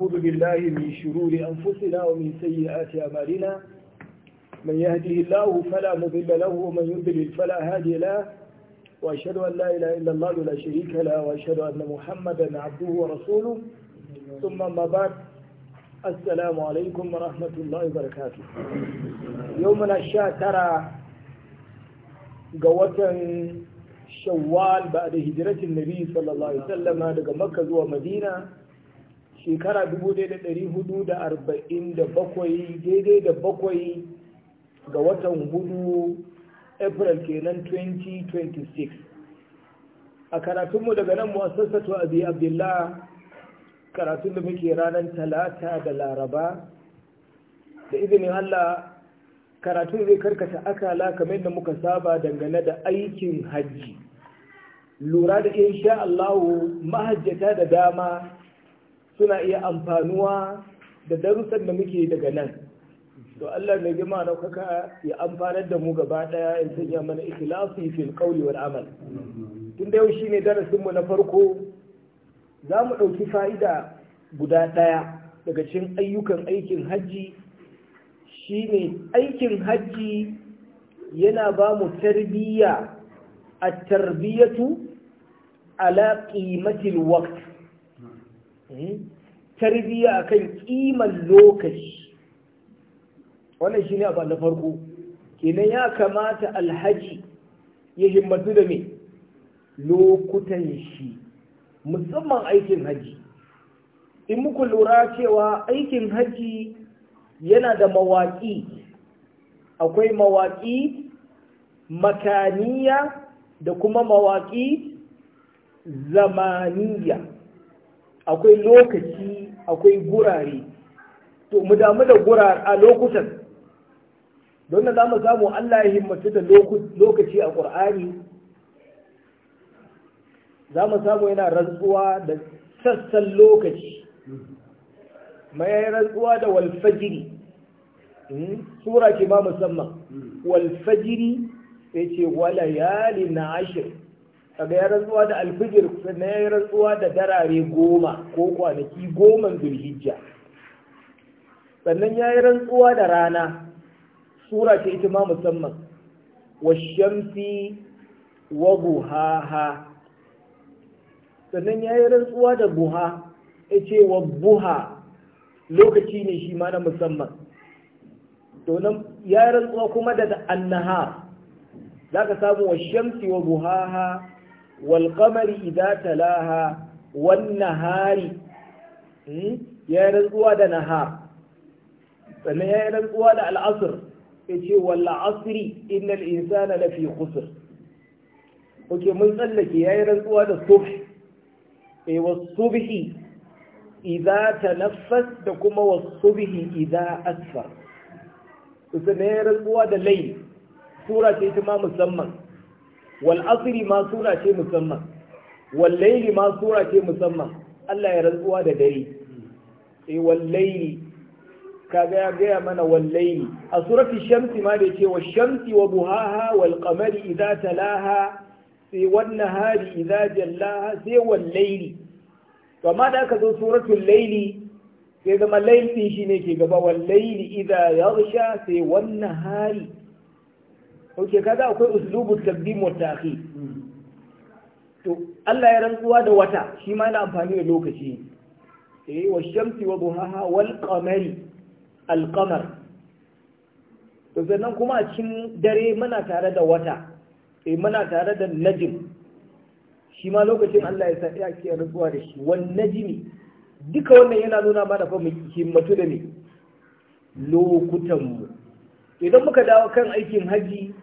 أعوذ بالله من شرور أنفسنا ومن سيئات أمالنا من يهده الله فلا مضل له ومن يضلل فلا هادي له وأشهد أن لا إله إلا الله لا شريك له وأشهد أن محمدا عبده ورسوله ثم ما بعد السلام عليكم ورحمة الله وبركاته يومنا ترى قوة شوال بعد هجرة النبي صلى الله عليه وسلم دقى مكة ومدينة shekara 1447 daidai da bakwai ga watan hudu april kenan 2026 a karatunmu daga nan mu'assasatu abi abdullah karatun da muke ranar talata da laraba da izinin allah karatun zai karkata akala kamar da muka saba dangane da aikin hajji lura da insha allahu mahajjata da dama suna iya amfanuwa da darussan da muke daga nan to Allah mai girma da kuka ya amfanar da mu gaba daya in sanya mana ikhlasi fil qawli wal amal tun da yau shine darasin mu na farko za mu ɗauki fa'ida guda ɗaya daga cikin ayyukan aikin hajji shine aikin hajji yana ba mu tarbiyya a tarbiyyatu ala qimatil waqt Hmm? tarbiyya akan kimar lokaci wannan shine abu na farko kenan ya kamata alhaji ya himmatu da mai. lokutan shi musamman aikin haji in muku lura cewa aikin haji yana da mawaƙi akwai mawaƙi makaniya da kuma mawaƙi zamaniya akwai lokaci akwai gurare to mu damu da gurare a lokutan don na za mu samu Allah ya himmatu da lokaci a ƙur'ani za mu samu yana rantsuwa da sassan lokaci mai rantsuwa da walfajiri hmm? sura ce ba musamman hmm. walfajiri ya ce wala yali na ashir kaga ya rantsuwa da alfijir sannan ya rantsuwa da darare goma ko kwanaki goma zulhijja sannan ya yi rantsuwa da rana sura ce ita ma musamman wa shamsi wa buhaha sannan ya yi rantsuwa da buha ya ce wa buha lokaci ne shi ma na musamman donan ya yi rantsuwa kuma da annaha za ka samu wa shamsi wa buhaha wal qamari idza talaha wan nahari hmm, ya rantsuwa da nahar sannan ya rantsuwa da al'asr yace wal asri innal insana lafi khusr oke mun tsallake ya yi rantsuwa da eh, subhi e wasubhi idza tanaffas da kuma wasubhi idza asfar rantsuwa da ce ta ma musamman wal asri ma sura ce musamman wal ma sura ce musamman Allah ya rantsuwa da dare eh wal layli kaga ya gaya mana wal a surafi shamsi ma da yake wa shamsi wa buhaha wal qamari idza talaha sai wan nahari idza jallaha sai wal layli to amma da aka zo suratul laili, sai zama laili shine ke gaba wal layli idza yaghsha sai wanna hari ok kaga akwai uslubu taqdim wa to Allah ya rantsuwa da wata shi ma yana amfani da lokaci eh wa shamsi wa duhaha wal qamari al qamar to sannan kuma a cikin dare muna tare da wata eh muna tare da najm shi ma lokacin Allah ya sa ya rantsuwa da shi wal najmi duka wannan yana nuna mana fa mu himmatu da ne lokutan mu idan muka dawo kan aikin haji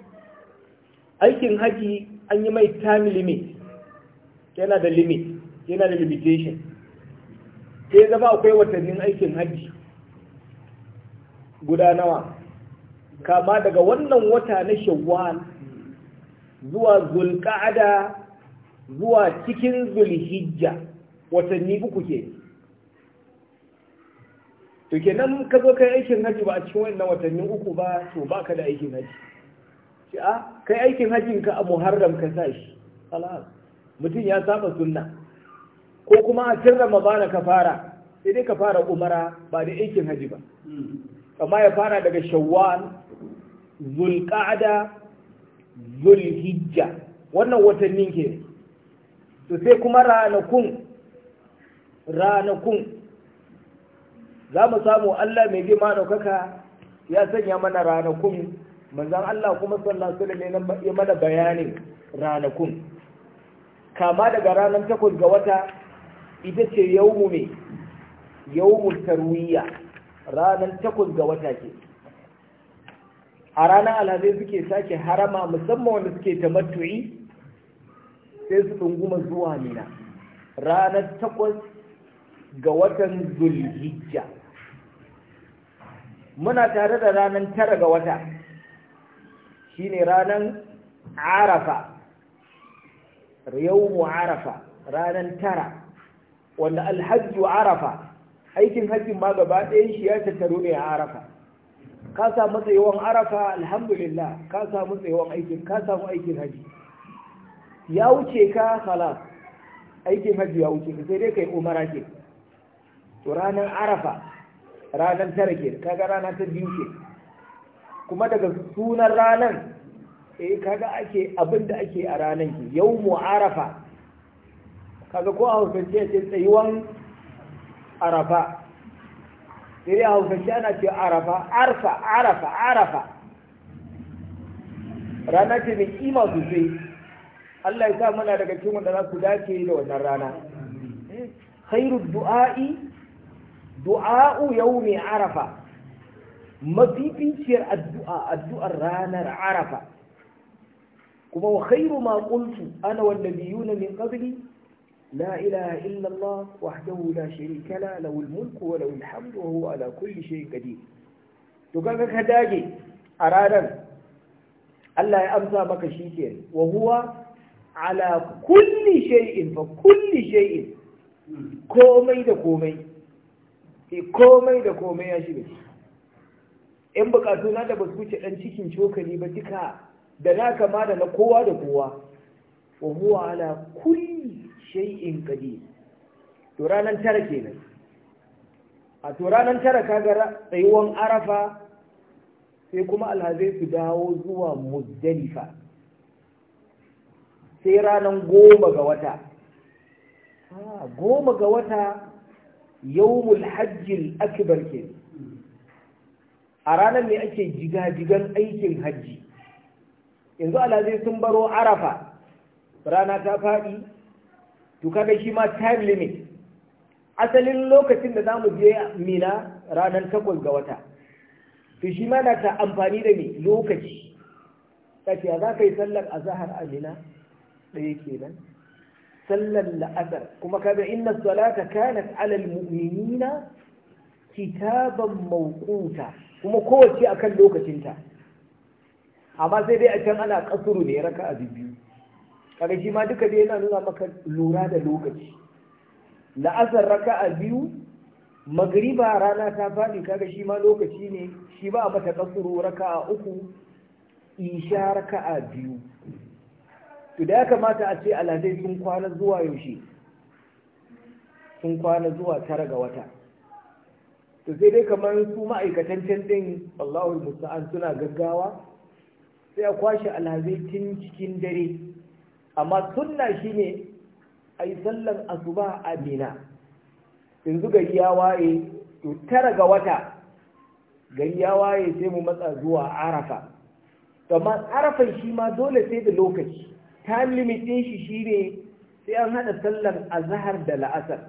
aikin haji an yi mai time limit yana da limit yana da limitation sai zama akwai watannin aikin haji guda nawa kama daga wannan wata na shawwal zuwa zulqa'ada zuwa cikin zulhijja watanni uku ke to kenan ka zo kai aikin haji ba a cikin wannan watanni uku ba to baka da aikin haji shi a ah, kai aikin hajjin ka a muharram ka sa shi halal mutum ya saba sunna ko kuma a cin ramadana ka fara sai dai ka fara umara ba da aikin haji ba amma ya fara daga shawwal zulqa'da zulhijja wannan watanni ke to sai kuma ranakun ranakun za mu samu Allah mai girma daukaka ya sanya mana ranakun manzan Allah kuma sallallahu alaihi wasallam ya mana bayanin ranakun kama daga ranar takwas ga wata ita ce yawmu ne yawmu tarwiya ranar takwas ga wata ke a ranar alhazai suke sake harama musamman wanda suke tamattu'i sai su dunguma zuwa mina ranar takwas ga watan zulhijja muna tare da ranar tara ga wata shine ranan arafa mu arafa ranan tara wanda alhajju arafa aikin hajjin ma gaba ɗayan shi ya tattaru ne a arafa ka samu tsayuwan arafa alhamdulillah ka samu tsayuwan aikin ka samu aikin haji. ya wuce ka halas aikin haji ya wuce ka sai dai kai umara ke Ranan ranar arafa ranar tara ke kaga rana ta biyu ke kuma daga sunan ranan eh kaga ake abin da ake a ranan ki yau arafa kaga ko a hausance ce tsayuwan arafa sai a hausance ana ce arafa arfa arafa arafa rana ce mai kima sosai Allah ya sa mana daga cikin wanda za su dace da wannan rana hmm? khairu du'a'i du'a'u yawmi arafa mafificiyar addu'a addu'ar ranar arafa kuma wa khairu ma qultu ana wanda biyu na min qabli la ilaha illa allah wahdahu la sharika la lahu mulku wa lahu hamdu wa huwa ala kulli shay'in qadir to kaga ka dage a ranar Allah ya amsa maka shi ke wa huwa ala kulli shay'in fa kulli shay'in komai da komai eh, komai da komai ya shiga shi Yan bukatu na da ba su wuce dan cikin cokali ba duka da na kama da na kowa da kowa wa huwa ala kulli shay'in qadir to ranan tara kenan a to ranan tara ka kaga tsayuwan arafa sai kuma alhazai su dawo zuwa muzdalifa sai ranar goma ga wata ah, goma ga wata yawmul hajjil akbar kenan a ranar ne ake jigajigan aikin hajji yanzu alhazai sun baro arafa rana ta faɗi to kaga shi ma time limit asalin lokacin da zamu je mina ranar takwas ga wata to shi ma na ta amfani da ne lokaci tafiya za ka yi sallar azahar a mina ɗaya kenan sallar la'azar. kuma kaga inna salata kanat alal mu'minina kitaban mawquta kuma kowace a kan lokacinta amma sai dai a can ana kasuru ne raka a biyu kaga shi ma duka dai yana nuna maka lura da lokaci la'asar raka a biyu magriba rana ta faɗi kaga shi ma lokaci ne shi ba a mata kasuru raka a uku isha raka a biyu to da ya kamata a ce Alade sun kwana zuwa yaushe sun kwana zuwa tara ga wata to sai dai kamar su ma'aikatan can din Allahu musta'an suna gaggawa sai a kwashe alhazi tun cikin dare amma sunna shi a yi sallar asuba a mina yanzu gari ya waye to tara ga wata gari ya waye sai mu matsa zuwa arafa amma arafan shi ma dole sai da lokaci time limit ɗin shi ne, sai an haɗa sallar azhar da la'asar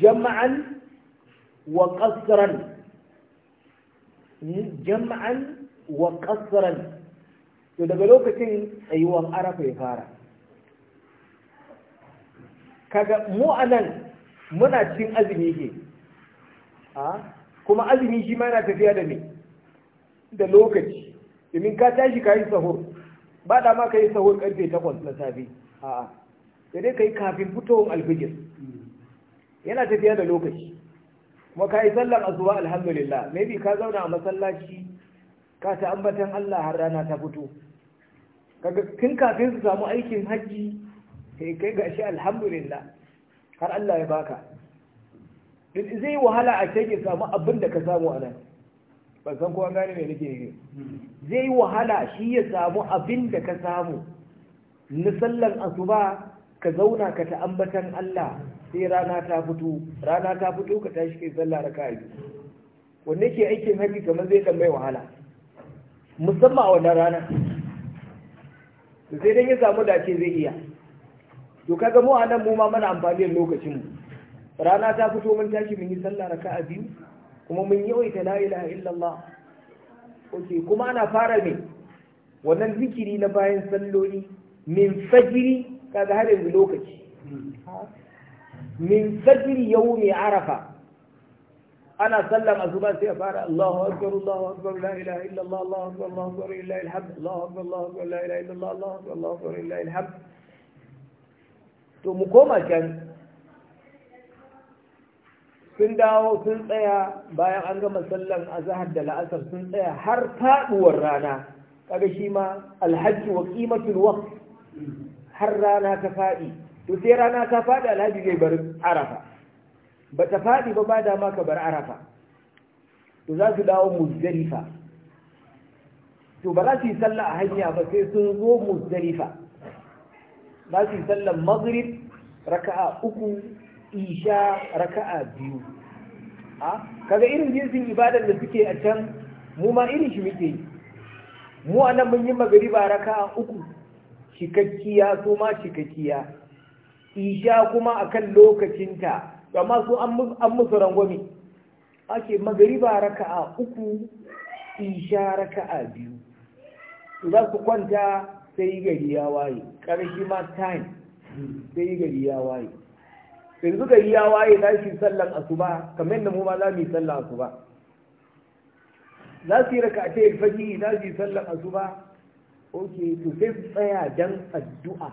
jama'an وقصرا جمعا وقصرا to daga lokacin tsayuwar arafa ya fara kaga mu a nan muna cin azumi ke kuma azumi shi ma yana tafiya da me da lokaci domin ka tashi ka yi sahur ba da ma ka yi sahur karfe takwas na safe a'a sai dai ka yi kafin fitowar alfijir yana tafiya da lokaci kuma ka yi sallar azuwa alhamdulillah maybe ka zauna a masallaci ka ta ambatan Allah har rana ta fito kaga tun kafin su samu aikin hajji sai kai shi, alhamdulillah har Allah ya baka zai wahala a ce ki samu abin da ka samu a nan ban san an gane me nake yi zai wahala shi ya samu abin da ka samu na sallar asuba ka zauna ka ta'ambatan Allah sai rana ta fito rana ta fito ka tashi kai sallah raka biyu wanda ke aikin haji kamar zai dan mai wahala musamman a wannan rana sai dai ya samu dace zai iya to kaga mu anan mu ma muna amfani da lokacin mu rana ta fito mun tashi mun yi sallah raka'a biyu kuma mun yawaita la ilaha illallah okay kuma ana fara ne wannan zikiri na bayan salloli min fajiri kaga har yanzu lokaci min sadri yawmi arafa ana sallan azuba sai ya fara Allahu akbar Allahu akbar la ilaha illa Allah Allahu akbar Allahu akbar la ilaha illa Allahu Allahu akbar la ilaha illa Allah Allahu akbar Allahu akbar la ilaha to mu koma can sun dawo sun tsaya bayan an gama sallan azhar da la'asar sun tsaya har faduwar rana kaga shi ma alhaji wa qimatul waqt har rana ta faɗi to sai rana ta faɗi alhaji zai bar arafa ba ta faɗi ba ba dama ka bar arafa to za su dawo muzdalifa to ba za su yi sallah a hanya ba sai sun zo muzdalifa za su yi sallar maghrib raka'a uku isha raka'a biyu a kaga irin jinsin ibadar da suke a can mu ma irin shi muke yi mu a nan mun yi magariba raka'a uku cikakkiya su ma cikakkiya isha kuma akan lokacinta amma su an musu rangwame ake magariba raka'a uku isha raka'a biyu za su kwanta sai gari ya waye ƙarshe ma time sai gari ya waye yanzu gari ya waye za su yi sallan asuba kamar da mu ma za mu yi sallan asuba za su yi ta fajiri za su yi sallan asuba ok to sai su tsaya dan addu'a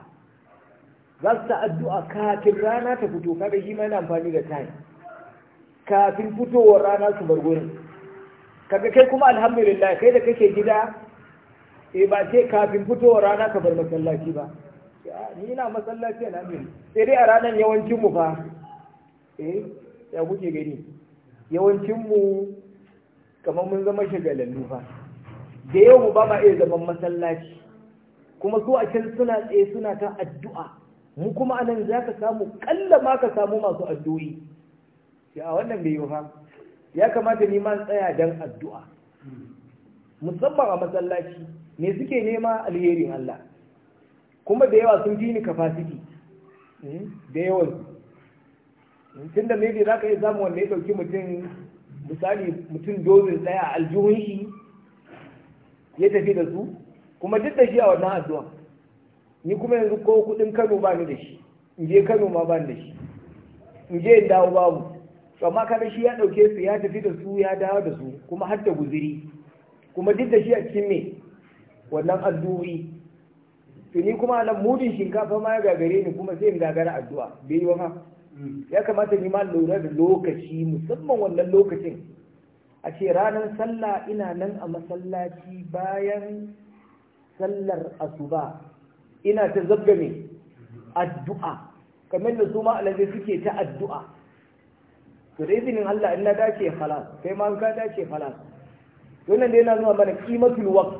za su ta addu'a kafin rana ta fito kada shi mana amfani da time kafin fitowar rana su bar gurin kaga kai kuma alhamdulillah kai da kake gida e ba ce kafin fitowar rana ka bar masallaci ba ni na masallaci na min sai dai a ranar yawancin mu fa eh ya kuke gani yawancin mu kamar mun zama shagalallu fa da yau ba ma iya zaman masallaci kuma su a can suna tsaye suna ta addu'a mu kuma anan za ka samu kalla ma ka samu masu shi ya wannan bai yi ya kamata ni ma tsaya dan addu'a musamman a masallaci me suke nema alherin Allah kuma da yawa sun jini kafasiti hmm? da yawan hmm? tun da maybe za ka iya samu wanda ya ɗauki mutum misali mutum dozin tsaya a aljihunshi. ya tafi da su kuma duk da shi a wannan addu'a ni kuma yanzu ko kudin Kano ba ni da shi in je Kano ma ba ni da shi in je in dawo babu to amma kada shi ya dauke su ya tafi da su ya dawo da su kuma har da guziri kuma duk da shi a cikin me wannan addu'o'i to ni kuma nan mudin shinkafa ma ya gagare ni kuma sai in gagara addu'a bai yi wa mm. ya kamata ni ma lura da lokaci musamman wannan lokacin a ce ranar sallah ina nan a masallaci bayan sallar asuba ina ta zabga mai addu'a kamar da su ma’alaje suke ta addu'a to da izinin Allah in na dace halas kai ma ka dace halas nan da yana zuwa mana kimatul wak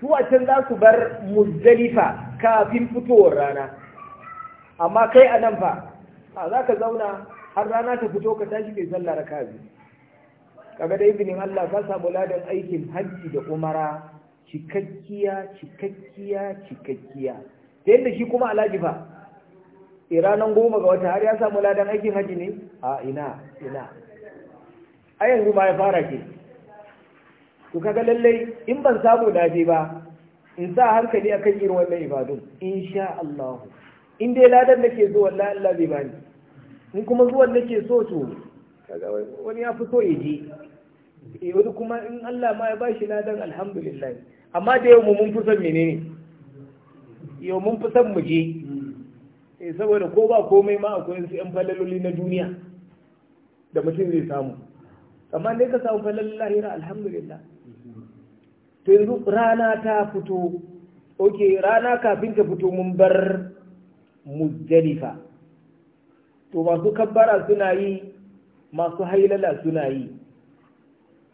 su a can za su bar muzdalifa kafin fitowar rana amma kai a nan fa a za ka zauna har rana ta fito ka tashi bai sallah raka biyu kaga da izinin Allah ka samu ladan aikin hajji da umara cikakkiya cikakkiya cikakkiya ta yadda shi kuma alhaji fa iranan eh, goma ga wata har ya samu ladan aikin hajji ne a ina ina a yanzu ma ya fara ke to kaga lallai in ban samu na ba in sa hankali akan irin wannan ibadun sha Allah in dai ladan nake so wallahi Allah zai bani in kuma zuwan nake so to kaga wani ya fi so ya je E wani kuma in Allah ma ya ba shi ladan alhamdulillah amma da yau mun fi son menene yau mun fi mu je eh saboda ko ba komai ma akwai su yan falaloli na duniya da mutum zai samu amma ne ka samu falalin lahira alhamdulillah to yanzu rana ta fito ok rana kafin ta fito mun bar muzdalifa to masu kabbara suna yi masu hailala suna yi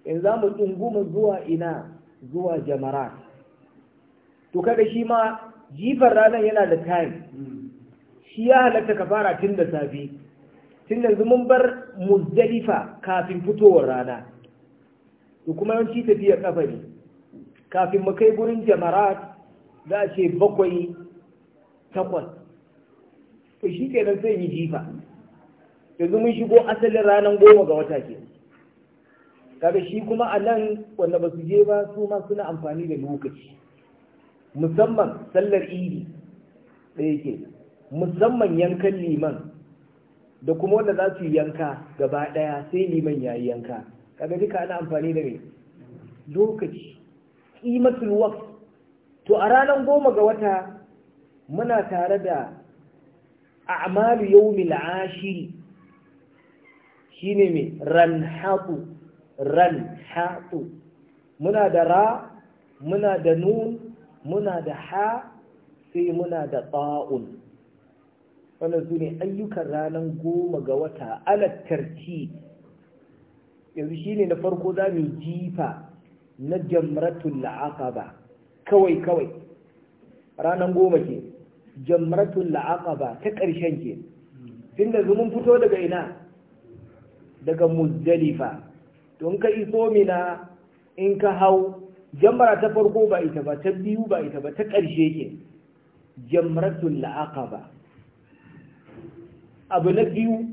in za mu tsunguma zuwa ina zuwa jamara. to kada shi ma jifar ranar yana da time shi ya halatta ka fara tun da safe tun yanzu mun bar muzdalifa kafin fitowar rana to kuma yawanci tafiya kafa ne kafin mu kai gurin jamara za a ce bakwai takwas to shi kenan sai yi jifa yanzu mun shigo asalin ranar goma ga wata ke kaga shi kuma a nan wanda ba su je ba su ma suna amfani da lokaci musamman sallar idi ɗaya ke musamman yankan liman da kuma wanda za su yi yanka gaba ɗaya sai liman ya yi yanka kaga duka ana amfani da mai lokaci ƙimatul waqt to a ranar goma ga wata muna tare da a'malu yawmil ashiri shine mai ranhatu ran hau muna da ra muna da nun muna da ha sai muna da ta'un wannan su ayyukan ranar goma ga wata alattarci yanzu shine na farko za mu jifa na jamratul aqaba kawai kawai ranar goma ke jamratul aqaba ta ƙarshen ke tunda mun fito daga ina daga muzdalifa don ka iso mina in ka hau jamra ta farko ba ita ba ta biyu ba ita ba ta ƙarshe ke jamratul ba. abu na biyu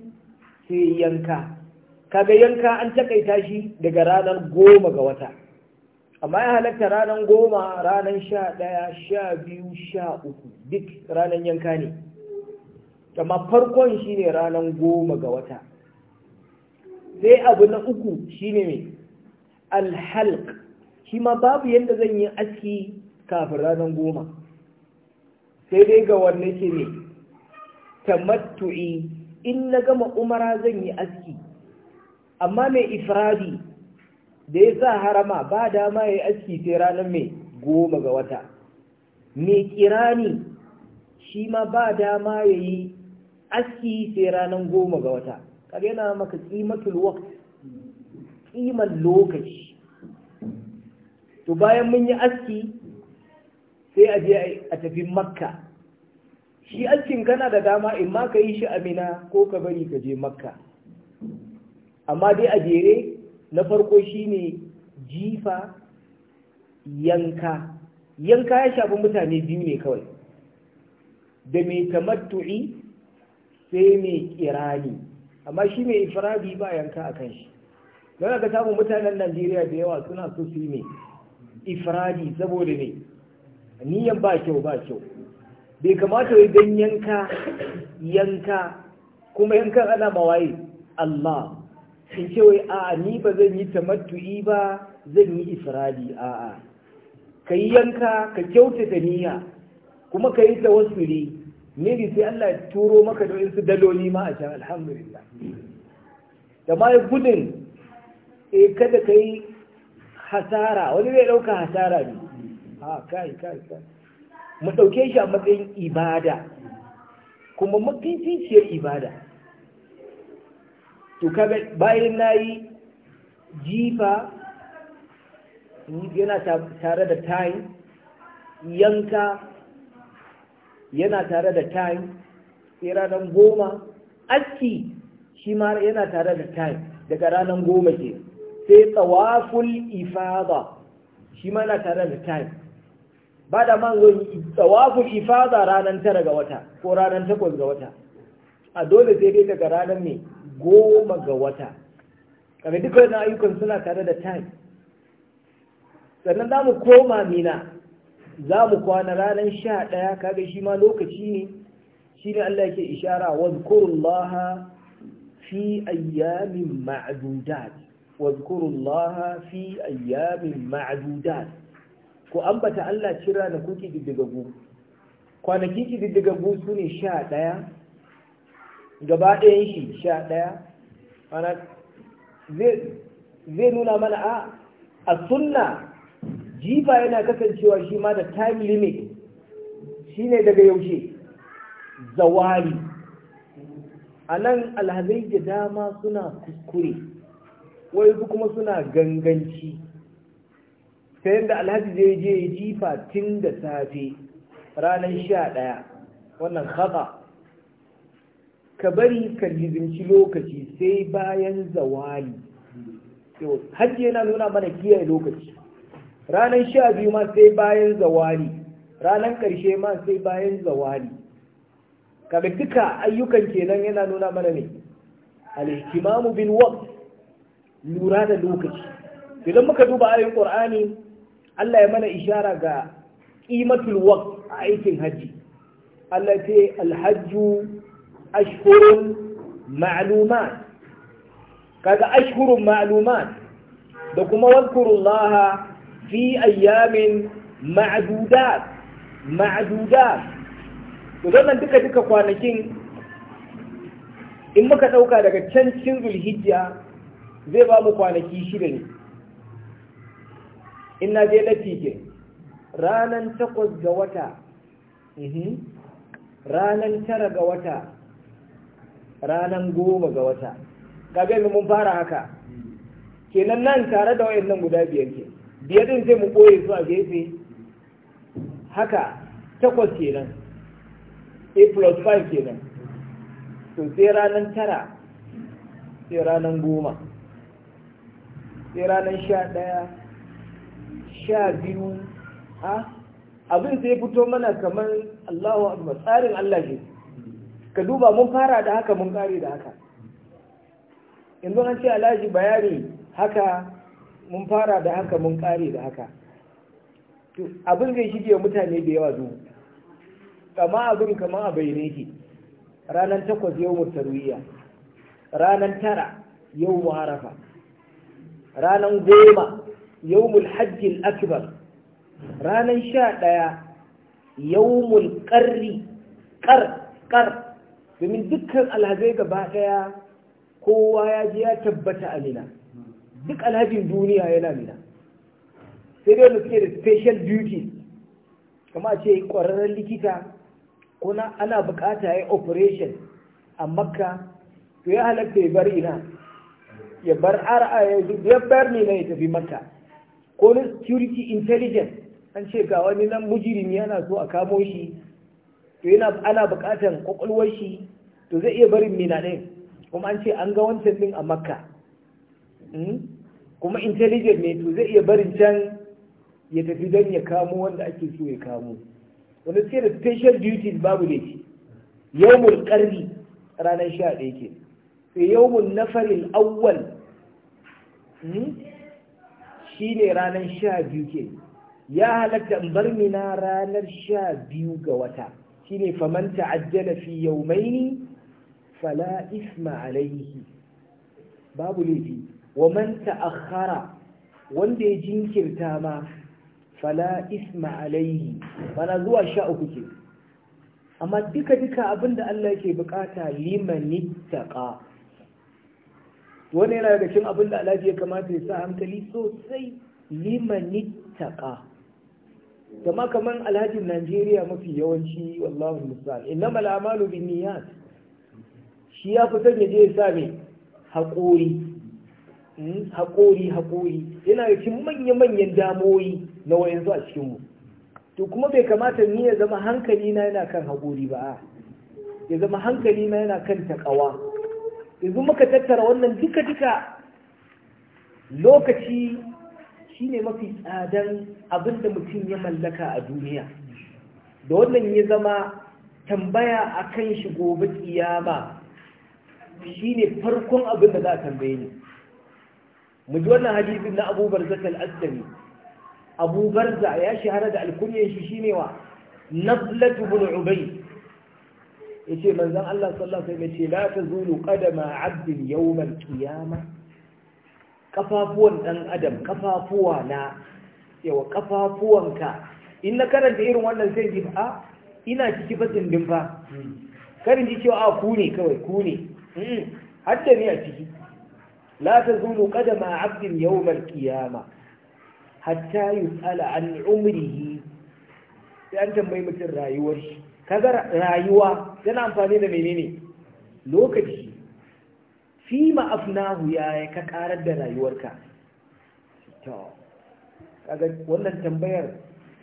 sai yanka kaga yanka an takaita shi daga ranar goma ga wata amma ya halatta ranar goma ranar sha ɗaya sha biyu sha uku duk ranar yanka ne amma farkon shi ne ranar goma ga wata sai abu na uku shine mai alhalk shi ma babu yadda zan yi aski kafin ranar goma sai dai ga wanne ke ne tamattu'i in na gama umara zan yi aski amma mai ifradi da ya sa harama ba dama ya yi aski sai ranar mai goma ga wata mai kirani shi ma ba dama ya yi aski sai ranar goma ga wata kaga yana maka qimatul waqt qiman lokaci to bayan mun yi aski sai a je a tafi makka shi askin kana da dama in ma ka yi shi amina ko ka bari ka je makka amma dai a jere na farko shine jifa yanka yanka ya shafi mutane biyu ne kawai da mai tamattu'i sai mai kirani amma shi mai ifradi ba yanka a kan shi don ka samu mutanen najeriya da yawa suna so su yi mai ifradi saboda ne niyan ba kyau ba kyau bai kamata wai don yanka yanka kuma yankan ana mawaye Allah in ce wai a ni ba zan yi ta tamattu'i ba zan yi ifradi a a ka yi yanka ka kyautata niyya kuma ka yi ta wasu ne sai Allah ya turo maka da su daloli ma a can alhamdulillah da ma gudun e kada ka yi hasara wani zai ɗauka hasara ne ha kai kai kai mu ɗauke shi a matsayin ibada kuma mafificiyar ibada to kaga bayan na yi jifa yana tare da time yanka yana tare da time sai ranar goma aski shi ma yana tare da time daga ranar goma ke sai tsawaful ifada shi ma yana tare da time ba da man zo tsawaful ifada ranar tara ga wata ko ranar takwas ga wata a dole sai dai daga ranar mai goma ga wata kamar duka wani ayyukan suna tare da time sannan za mu koma mina za mu kwana ranar sha ɗaya kaga shi ma lokaci ne shi ne Allah yake ishara wa zukurullaha fi ayyamin ma'dudat wadhkurullaha fi ayyamin ma'dudat ku ambata Allah kira na kuki diddigagu kwanaki ki diddigagu su ne sha ɗaya gaba ɗayan shi sha ɗaya zai nuna mana a a sunna jifa yana kasancewa shi ma da time limit shine daga yaushe Zawali. a nan alhazai da dama suna kuskure wasu kuma suna ganganci ta yadda alhaji zai je ya jifa tun da safe ranar sha ɗaya wannan haɗa ka bari ka lizinci lokaci sai bayan zawali hajji yana nuna mana kiyaye lokaci ranar sha biyu ma sai bayan zawali ranar ƙarshe ma sai bayan zawali kaga duka ayyukan kenan yana nuna mana ne al-ihtimamu bil waqt lura da lokaci idan muka duba ayoyin qur'ani Allah ya mana ishara ga qimatul waqt a aikin haji Allah ce al-hajju ashhurun ma'lumat kaga ashhurun ma'lumat da kuma wadkurullaha fi ayyamin ma'dudat ma'dudat to duka duka kwanakin in muka ɗauka daga can cin zulhijja zai ba mu kwanaki shida ne in na je latti ke ranan takwas ga wata mhm. ranan tara ga wata ranan goma ga wata ga yanzu mun fara haka kenan nan tare da wayannan guda biyar ke biyar din zai mu ɓoye su a gefe haka takwas kenan a plus 5 kenan to sai ranar tara sai ranar goma sai ranar sha ɗaya sha biyu ha abin sai fito mana kamar allahu akbar tsarin allah ne ka duba mun fara da haka mun kare da haka yanzu an ce alhaji bayani haka mun fara da haka mun kare da haka abin zai shige mutane da yawa zuwa kama abin kama a bayyane shi ranar takwas yau mutarwiya ranar tara yau muharafa ranar goma yau mulhajjil akbar ranan sha ɗaya yau mulƙarri ƙar ƙar domin dukkan alhazai gaba ɗaya kowa ya je ya tabbata a duk alhajin duniya yana mina sai dai wanda suke da special duty kama ce ƙwararren likita ko na ana bukata ya yi operation a makka to ya halatta ya bar ina ya bar ara ya bar ne na ya tafi makka ko na security intelligence an ce ga wani nan mujirimi yana so a kamo shi to yana ana bukatan kwakwalwar shi to zai iya barin mina ne? kuma an ce an ga wancan din a makka hmm? kuma intelligent ne to zai iya barin can ya tafi don ya kamo wanda ake so ya kamo wanda suke da special duties babu ne ci yawmul qarni ranar sha ɗaya ke sai yawmul nafaril awwal hmm, shine ranar sha biyu ke ya halatta in bar mina ranar sha biyu ga wata shine faman ta'ajjala fi yawmaini fala isma alaihi babu laifi wa man ta'akhkhara wanda ya jinkirta ma fala isma alaihi bana zuwa sha uku ke amma duka duka abinda Allah yake bukata liman ittaqa wannan yana daga cikin abinda Allah ya kamata ya sa hankali sosai liman ittaqa kama kaman alhajin Najeriya mafi yawanci wallahu musta'an innamal a'malu binniyat shi ya fi son ya je ya sa me hakori hmm? haƙori haƙori yana da cikin manya-manyan damoyi na yanzu a cikinmu to kuma bai kamata ni ya zama hankali na yana kan haƙuri ba ya zama hankali na yana kan taƙawa yanzu muka tattara wannan duka duka lokaci shi ne mafi tsadan abin da mutum ya mallaka a duniya da wannan ya zama tambaya a kan shi gobe shi ne farkon abin da za a tambaye ni mu ji wannan hadisin na abubuwar zakal asali abu barza ya shahara da alkunyar shi shine wa nablatu bin Ya ce manzon Allah sallallahu alaihi ce, yace zulu tazulu qadama 'abdin yawm al-qiyamah kafafuwan dan adam kafafuwa na yawa kafafuwanka in na karanta irin wannan sai ji a ah, ina ciki fasin din karin ji cewa a ah, ku ne kawai ku ne hmm, hadda ne a ciki la tazulu qadama 'abdin yawm al hatta yus'ala an umrihi sai an tambayi mutum rayuwar shi kaga rayuwa yana amfani da menene lokaci fi ma'afnahu ya ka karar da rayuwarka to kaga wannan tambayar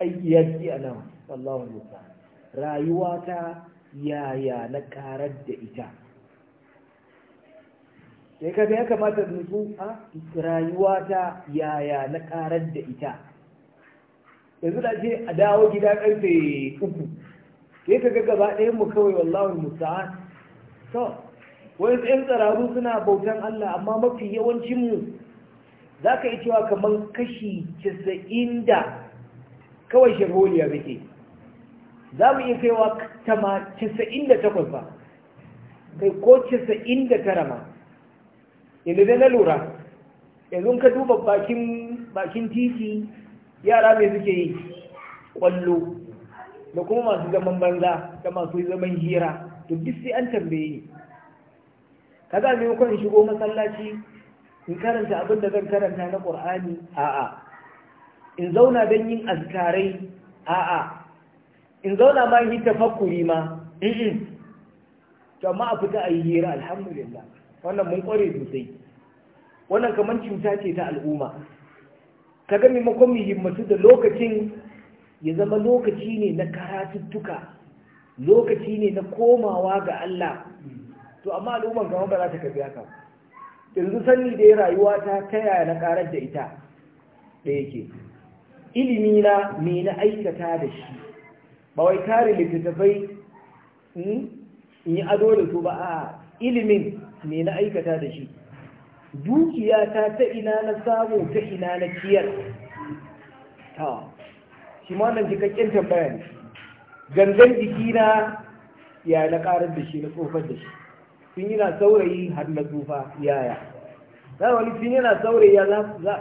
aiki ya ci a nan wallahu rayuwa ta yaya na karar da ita sai ka ya kamata nufu a rayuwa ta yaya na karar da ita yanzu da ce a dawo gida karfe uku sai ka ga gaba ɗayan mu kawai wallahi musa'an to wani tsayin tsararru suna bautan Allah amma mafi yawancin mu za ka yi cewa kamar kashi casa'in da kawai shagoliya muke za mu iya kaiwa casa'in da takwas ba kai ko casa'in da tara ma yanzu zai na lura yanzu ka duba bakin titi yara mai suke yi kwallo da kuma masu zaman banza da masu zaman hira to sai an tambaye Ka za mai kwan shigo masallaci in karanta abin da zan karanta na ƙur'ani a'a in zauna don yin azkarai a'a in zauna ma yi fakuri ma to amma a fita a yi hira alhamdulillah wannan mun ƙware sosai wannan kamar cuta ce ta al'umma ka ga maimakon mu himmatu da lokacin ya zama lokaci ne na karatuttuka lokaci ne na komawa ga Allah to amma al'umman kamar ba za ta karbi haka yanzu sanni da ya rayuwa ta ta yaya na karar da ita da yake ilimi na me na aikata da shi ba wai kare littattafai hmm, in yi ado da su ba a ilimin me na aikata da shi dukiyata ta ina na samu ta ina na kiyar ta shi ma nan jikakken tambaya ne gangan jikina ya na karar da shi na tsofar da shi tun yana saurayi har na tsufa yaya na wani tun yana saurayi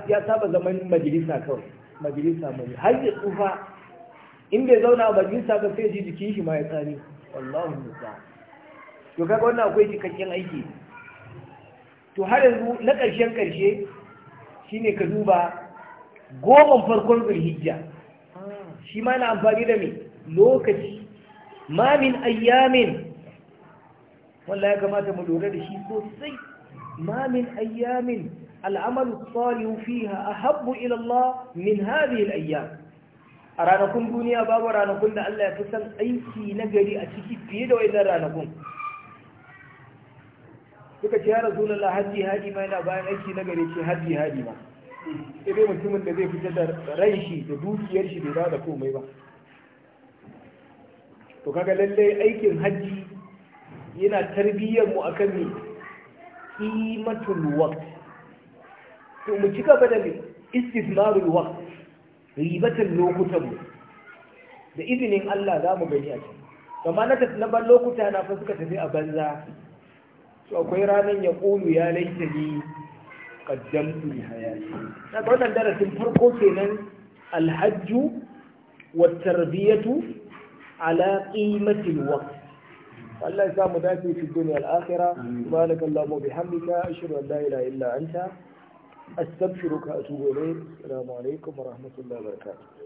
ya saba zaman majalisa kawai majalisa mai har ya tsufa in bai zauna a majalisa ba sai ji jikin shi ma ya tsani wallahu musa to kaga wannan akwai cikakken aiki to har yanzu na ƙarshen ƙarshe shine ka duba goman farkon zulhijja shi ma na amfani da mai lokaci mamin ayyamin wallahi ya kamata mu lura da shi sosai Mamin ayyamin al'amalu tsariyu fiha ahabbu habbu Allah min hadhihi al-ayyam a ranakun duniya babu ranakun da Allah ya fi son aiki na gari a ciki fiye da wayannan ranakun suka ce ya lalla hajji hadi ma yana bayan aiki na gare ce hajji ma sai dai mutumin da zai fita da ran shi da dukiyar shi bai bada komai ba to kaga lallai aikin hajji yana tarbiyyar mu akan me qimatul waqt to mu ci gaba da istismarul waqt ribatan lokutan mu da izinin Allah za mu gani a can kamar na ban lokuta na fa suka tafi a banza to akwai ranar ya ƙulu ya laita ni ƙaddamtu ni hayati na darasin farko kenan alhajju wa tarbiyatu ala ƙimatin waqt Allah ya samu dace fi dunya al-akhirah subhanaka allahumma wa bihamdika ashhadu an la ilaha illa anta astaghfiruka wa atubu ilayk assalamu alaikum wa rahmatullahi wa barakatuh